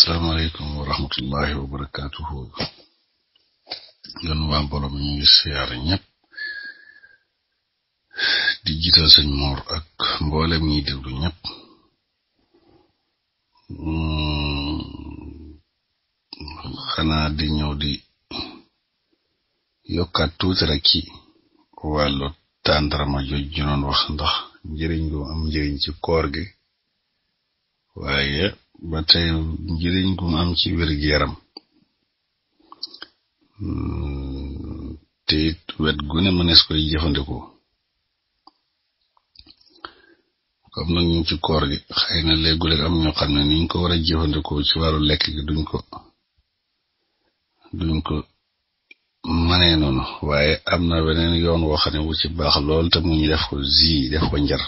Assalamu alaikum wa rahmatullahi wa barakatuhu. Yon wan borom ni ngi hmm, Di jita sen mor ak mbolam ni di lu ñep. Xana di ñew di yokkat tout rek ci walu tandrama joj ju non wax ba tey njëriñ gu am ci wér-gu-yaram hmm, te it wet gu ne mënees koy jëfandikoo comme nag ñu ci koor gi xëy na léegi-léeg am ñoo xam ne niñ ko war a jëfandikoo ci wàllu lekk gi duñ ko duñ ko mënee noonu waaye am na beneen yoon woo xam ne bu ci lool te mu ñu def ko zi def ko njar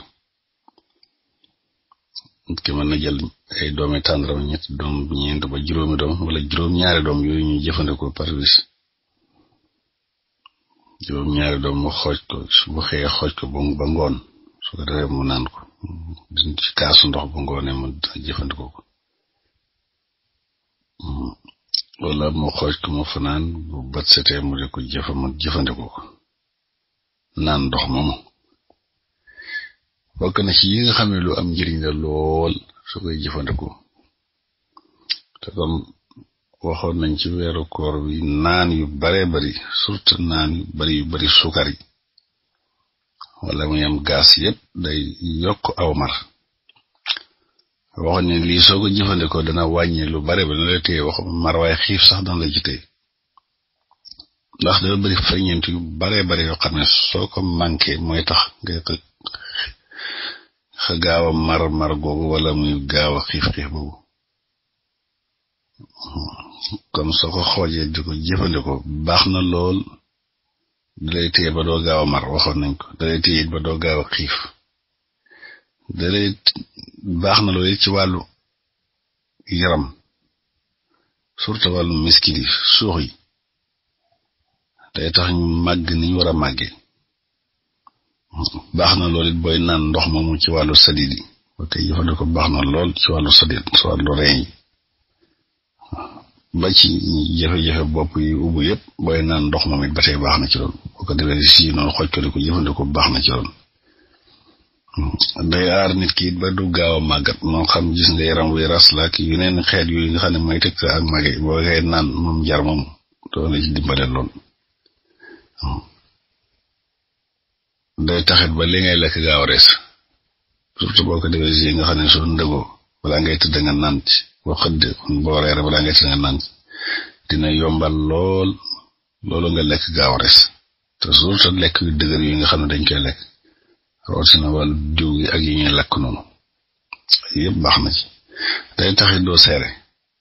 nit ki mën na jël ay doomi tàndarma ñetti doom ñeent ba juróomi doom wala juróom-ñaari doom yooyu ñuy jëfandikoo par bis juróom-ñaari doom mu xooj ko bu xëyee xooj ko ba ngoon su ko defee mu naan ko ci kaasu ndox bu ngoonee mu jëfandikoo ko wala mu xooj ko mu fanaan bu bët setee mu di ko jëfa mu jëfandikoo bokk na ci yi nga xam ne lu am njëriñ la lool su koy jëfandikoo te comme waxoon nañ ci weeru koor wi naan yu baree bari surtout naan yu bari yu bari sukar yi wala muy am gaas yépp day yokk aw mar waxoon ne lii soo ko jëfandikoo dana wàññi lu bare ba dana la téye wax mar waaye xiif sax dana la ci téye ndax dafa bari ferñeent yu baree bari yoo xam ne soo ko manqué mooy tax ngay xëj gaaw a mar mar googu wala muy gaaw a xiif boobu kon soo ko xoojee di ko jëfandikoo baax na lool dalay téye ba doo gaaw mar waxoon nañ ko dalay téye it ba doo gaaw a xiif dalay baax na lool it ci wàllu yaram surtout wàllu miskilif suux yi day tax ñu màgg ni ñu war a màggee baax na loolit it booy naan ndox moomu ci wàllu sadiid yi ba tey baax na lool ci wàllu sadiid so wàllu reeñ yi ba ci jafe-jafe bopp yi ubbu yëpp booy naan ndox moom it ba baax na ci lool boo ko defee si noonu xoj ko di ko baax na ci lool day aar nit ki ba du gaaw a màggat moo xam gis nga yaram wi ras la ak yeneen xeet yooyu nga xam ne mooy ak màgge boo koy naan moom jar moom doon la dimbale lool day taxit ba li ngay lekk gaaw rees surtout boo ko defee si nga xam ne soo ndëgoo balaa ngay tëdd nga naan boo xëdd boo reer balaa ngay tëdd nga naan dina yombal lool loolu nga lekk gaaw rees te surtout lekk yu yi nga xam ne dañ koy lekk rawatina wàllu diw gi ak yi ñuy lakk noonu yëpp baax na ci day taxit doo seere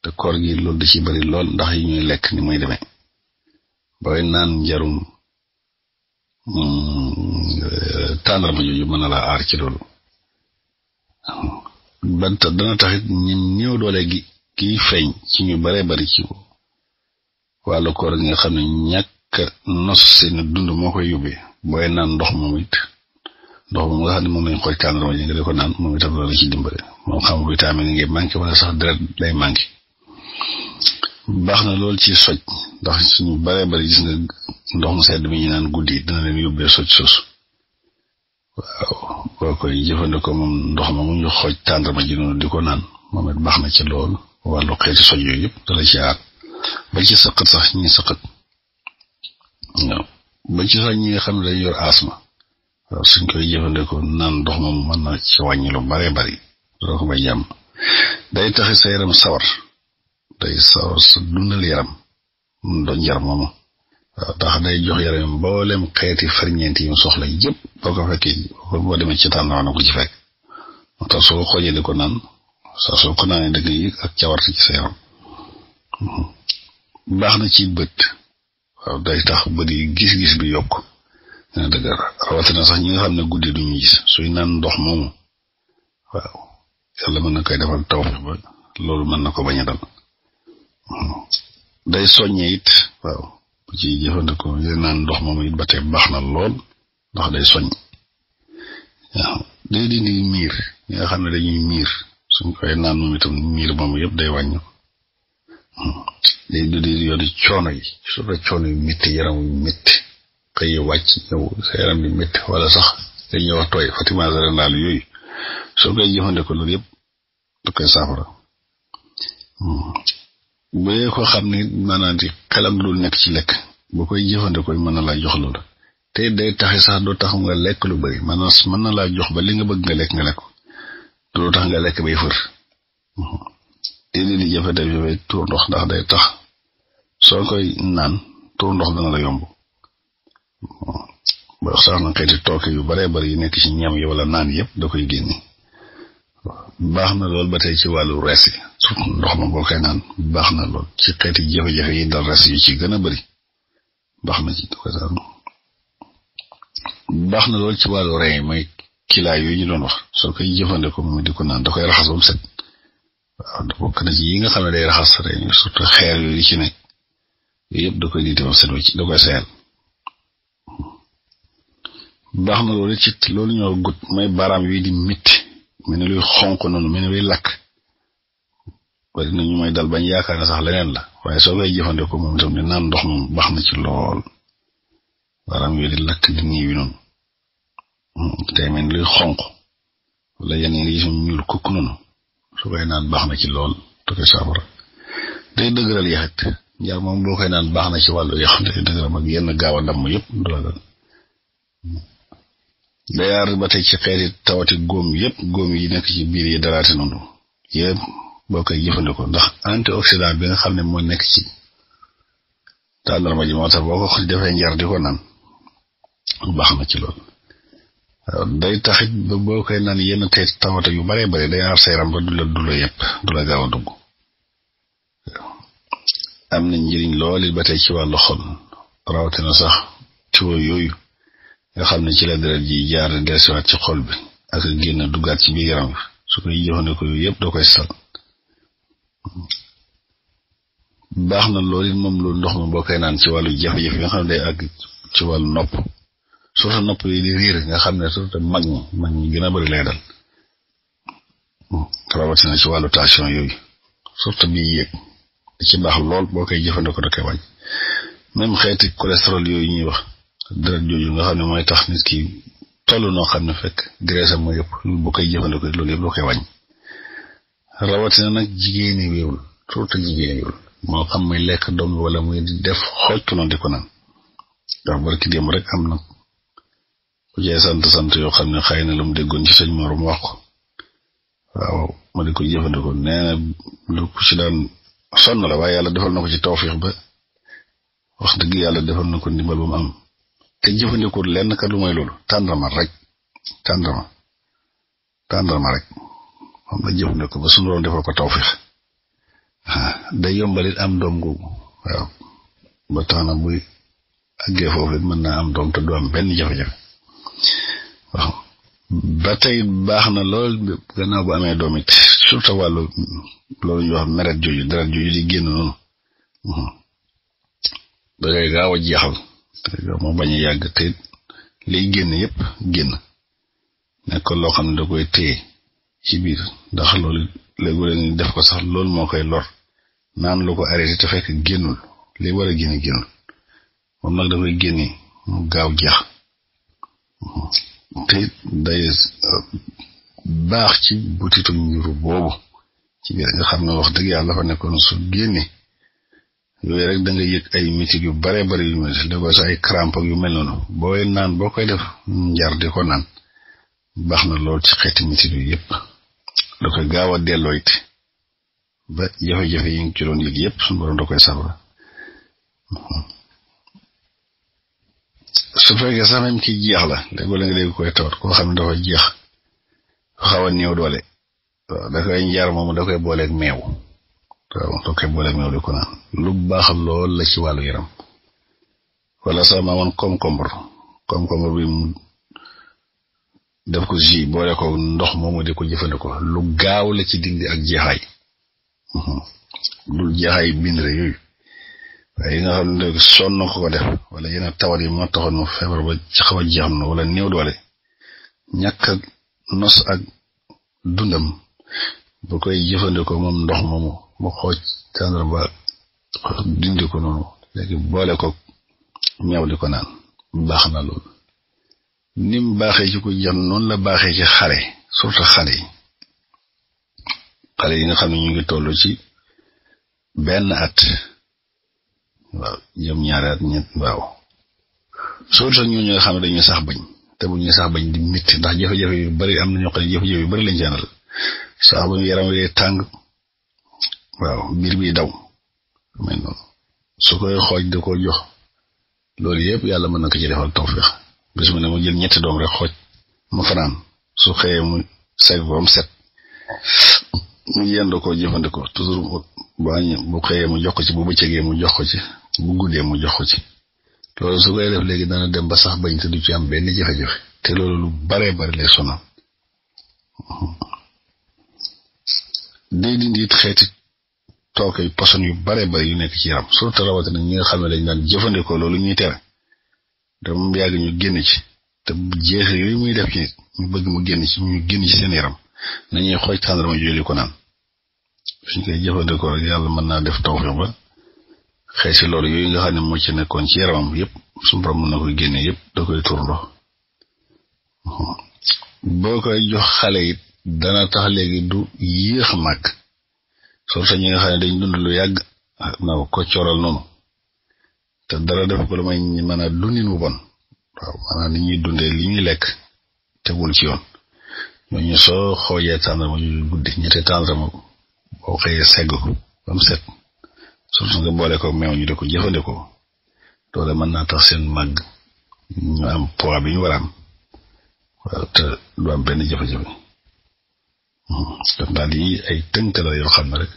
te koor gi loolu di ci bari lool ndax yi ñuy lekk ni deme demee booy naan njarum Hmm, eh, tàndarma jooju mën na laa aar ci loolu banta dana taxit ñu néew doole gi kiy feeñ ci ñu baree bari ci wàllu koor gi xam ne ñàkk nos seen dund moo koy yóbbee booy naan ndox moom it ndox moom nga xam ne moom lañ xooj tàndarma ji nga di ko naan moom itam loolu ci dimbale moom xam vitamine yi ngay wala sax deret lay manqué baax na lool ci soj ndax suñu bare bari gis nga ndox mu sedd mi ñu naan guddi dina leen yóbbee soj sos waaw boo koy jëfandikoo moom ndox ma mu ñu xooj tàndarma ji noonu di ko naan moom baax na ci lool wàllu xeeti soj yooyu yëpp dala ci aar ba ci sëqat sax ñi sëqat waaw ba ci sax ñi xam ne dañ yor asma waaw suñ koy jëfandikoo naan ndox moom mën na ci wàññi lu bare bari doo ko day taxi sa yaram sawar day saw sa dundal yaram mun doon yaram moomu tax day jox yaram mboolem xeeti ferñeent yi mu soxla yëpp ba ko fekki bo demee ci tan na ko ci fek moo tax soo xoolee di ko naan saa soo ko naanee da nga yëg ak cawarte ci sa yaram mhm. baax na ci bët waaw day tax bët yi gis-gis bi yokk dina dëgg rawatina sax ñi nga xam guddé guddi duñu gis suy nan ndox mom waaw yalla mëna na koy defal taw ba loolu mën na ko bañ dal day soññe it waaw ku ci jëfandikoo yéen naan ndox moomu it ba tey baax na lool ndax day soññ waaw day dindi miir ñi nga xam ne dañuy miir suñ koy naan moom itam miir moomu yëpp day wàññi ko hmm, day dindi yoonu coono yi surtout coono yu métti yaram yu métti xëy wàcc ñëw sa yaram di métti wala sax dañuy wax tooy Fatima Zarenal yooyu soo koy jëfandikoo loolu yëpp da koy saafara. Hmm. bee ko xam ni maanaam ci xelam dul nekk ci lekk boo koy jëfandikoo mën na laa jox loolu te day taxi sax doo tax nga lekk lu bari maanaam mën na laa jox ba li nga bëgg nga lekk nga lekk te doo tax nga lekk bay fër te di di jafe tuur ndox ndax day tax soo koy naan tuur ndox dana la yomb ba sax na xeeti tooke yu baree bari yu nekk ci ñam yi wala naan yëpp da koy génne baax na lool ba tey ci wàllu res yi surtout ndox ma boo koy naan baax na lool ci xeeti jafe-jafe yi dal res yu ci gën a bëri baax na ci na lool ci wàllu rey mooy kilaay yooyu ñu doon wax soo koy jëfandikoo moom di ko naan da koy raxas ba mu set waaw da yi nga xam ne day raxas rey surtout xeer yooyu ci nekk yooyu yëpp da koy diite ba mu set da koy seyal na lool ci loolu ñoo gudd mooy baaraam yooyu di métti mel ni luy xonq noonu mel ni luy lakk bari na ñu may dal bañ yaakaar sax leneen la waaye soo koy jëfandikoo moom itam ne naan ndox moom baax na ci lool baaraam yooyu di lakk di ñiwi noonu hmm, tey mel luy xonq wala yenn yi ngi ñuul kukk noonu su koy naan baax na ci lool te koy saafara day dëgëral yaxit njar moom boo koy naan baax na ci wàllu yax day dëgëral mag yenn gaaw a damm yëpp leer ba tey ci xeeti tawati góom yépp góom yi nekk ci biir yi daraate noonu yépp boo koy jëfandikoo ndax antioxydant bi nga xam ne moo nekk ci tàndarma ji moo tax boo ko defee njar di ko naan baax na ci lool day taxit boo koy naan yenn tey tawata yu baree bare day aar sa yaram ba du la du la yépp du la dugg am na njëriñ looli it ba tey ci wàllu xol rawatina sax tiwo yooyu nga xam ne ci la deret ji jaar dellusiwaat ci xol bi ak génn duggaat ci biir yaram bi su koy jëfandikoo yooyu yëpp da koy sal baax na loolu it moom loolu ndox mi boo koy naan ci wàllu jafe-jafe nga xam ne day àgg ci wàllu nopp surtout nopp yi di riir nga xam ne surtout mag ñi mag ñi gën a bëri lay dal rawatina ci wàllu tension yooyu surtout bi yéeg ci baax lool boo koy jëfandikoo da koy wàññi même xeeti cholestérol yooyu ñuy wax deret jooju nga xam ne mooy tax nit ki toll noo xam ne fekk graisse am mooy yëpp bu koy jëfandikoo loolu yëpp lu koy wàññi rawatina nag jigéeni wéewul surtout jigéeni wéewul moo xam muy lekk doom wala muy def xocc na di ko naan rek am na ku cee sant sant yoo xam ne xëy na lu mu déggoon ci sëñ Moroom wax ko waaw ma di ko jëfandikoo nee na lu ku ci daan sonn la waaye yàlla defal na ko ci tawfiix ba wax dëgg yàlla defal na ko ndimbal ba mu am te jëfandikoo lenn ka lu moy lolu tàndarma rek tàndarma tàndarma rek am la jëfandikoo ba sunu doon defal ko tawfiq ah, da yombalit am dom googu waaw ba tax buy àggee mën na am dom te du am benn jafe-jafe waaw ba tey baax lool bu amé domit surtout walu, lolu ñu wax meret juju dara jooju di hmm. da gaaw jexal moo bañ a yàgg te liy génn yépp génn nekk loo xam ne da koy téye ci biir ndax loolu léegi ñu def ko sax lool moo koy lor naan lu ko a te fekk génnul li war a génn génnul moom nag dafay génne mu gaaw jeex te day euh, baax ci butitu njuru boobu ci biir nga xam ne wax dëgg yàlla fa nekkoon su génne yooyu rek da nga yëg ay misik yu bare bari yu mel da ko ay crampe yu mel noonu booy naan boo koy def njar di ko naan baax na lool ci xeeti misik yu da koy gaaw a delloo it ba jafe-jafe yi ngi ci yëg yëpp suñu borom da koy sabra su fekkee sax même jeex la léegoo la nga léegi koy tawat koo xam ne dafa jeex xaw a néew doole waaw da koy njar moom da koy booleeg meew waaw waxtu koy boole meew di ko naan lu baax lool la ci wàllu yaram wala sax maa woon concombre concombre bi mu def ko ji boole ko ndox moomu di ko jëfandikoo lu gaaw la ci dindi ak jeexaay dul mhm. jeexaay bind rek yooyu waaye yi nga xam ne wala yenn tawat yi moo taxoon ba ci xaw a jeexam na wala néew doole ñàkk ak nos ak dundam bu koy jëfandikoo moom ndox moomu mu xooj tàndarma dindi ko noonu léegi boole ko ñaw di ko naan baax na lool ni mu baaxee ci ko jeex noonu la baaxee ci xale surtout xale yi xale yi nga xam ne ñu ngi tollu ci benn at waaw jëm ñaari at ñett waaw surtout ñoo ñoo xam ne dañuy sax bañ te bu ñuy sax bañ di métti ndax jafe-jafe yu bari am na ñoo xam ne jafe-jafe yu bari lañ ci àndal sax bañ yaram wi tàng waaw mbir mi daw mel noonu su koy xooj da ko jox loolu yëpp yàlla mën na ko ci defal tawfeex bis mu ne mu jël ñetti doom rek xooj mu fanaan su xëyee mu sag ba mu set mu yendoo ko jëfandikoo toujours ba bu xëyee mu jox ko ci bu bëccëgee mu jox ko ci bu guddee mu jox ci loolu su koy def léegi dana dem ba sax bañ te du ci am benn jafe-jafe te loolu lu bare bari lay sonal day dindi tooke poson yu bare bare yu nekk ci yaram surtout rawatina ñu nga xam ne dañ daan jëfandikoo loolu ñuy tere te yàgg ñu génn ci te jeexe yooyu muy def ci nit ñu mu génn ci ñu génn ci seen yaram nañuy xooj tàndarma jëli ko naan suñ koy jëfandikoo rek yàlla mën naa def tawfeex ba xëy si loolu yooyu nga xam ne moo ci nekkoon ci yaramam yëpp suñu borom mën na koy génne yëpp da koy turndoo boo koy jox xale it dana tax léegi du yéex màgg surtout ñi nga xam ne dañ dund lu yàgg na ko cooral noonu te dara def ko lu may mën a dundin wu bon waaw maanaam ni ñuy dundee li ñuy lekk tegul ci yoon ñooñu soo xoojee tàndarma ñu guddi ñetti tàndarma boo xëyee segg ko ba mu set surtout nga boole ko meew ñu di ko jëfandikoo loolu mën naa tax seen màgg ñu am poids bi ñu war a am waaw te du am benn jafe-jafe hmm, kon daal xam ne rek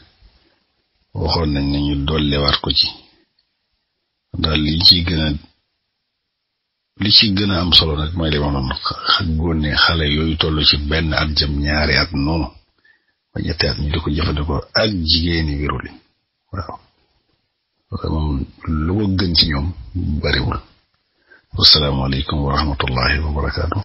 waxoon nañ ne ñu dolliwaat ko ci daal li ciy gën a li ci gën a am solo nag mooy li ma noonu góone xale yooyu toll ci benn at jëm ñaari at noonu ba ñetti at ñu di ko jëfandikoo ak jigéeni wirul yi gën ci ñoom bariwul wasalaamaaleykum wa rahmatullahi wa barakaatu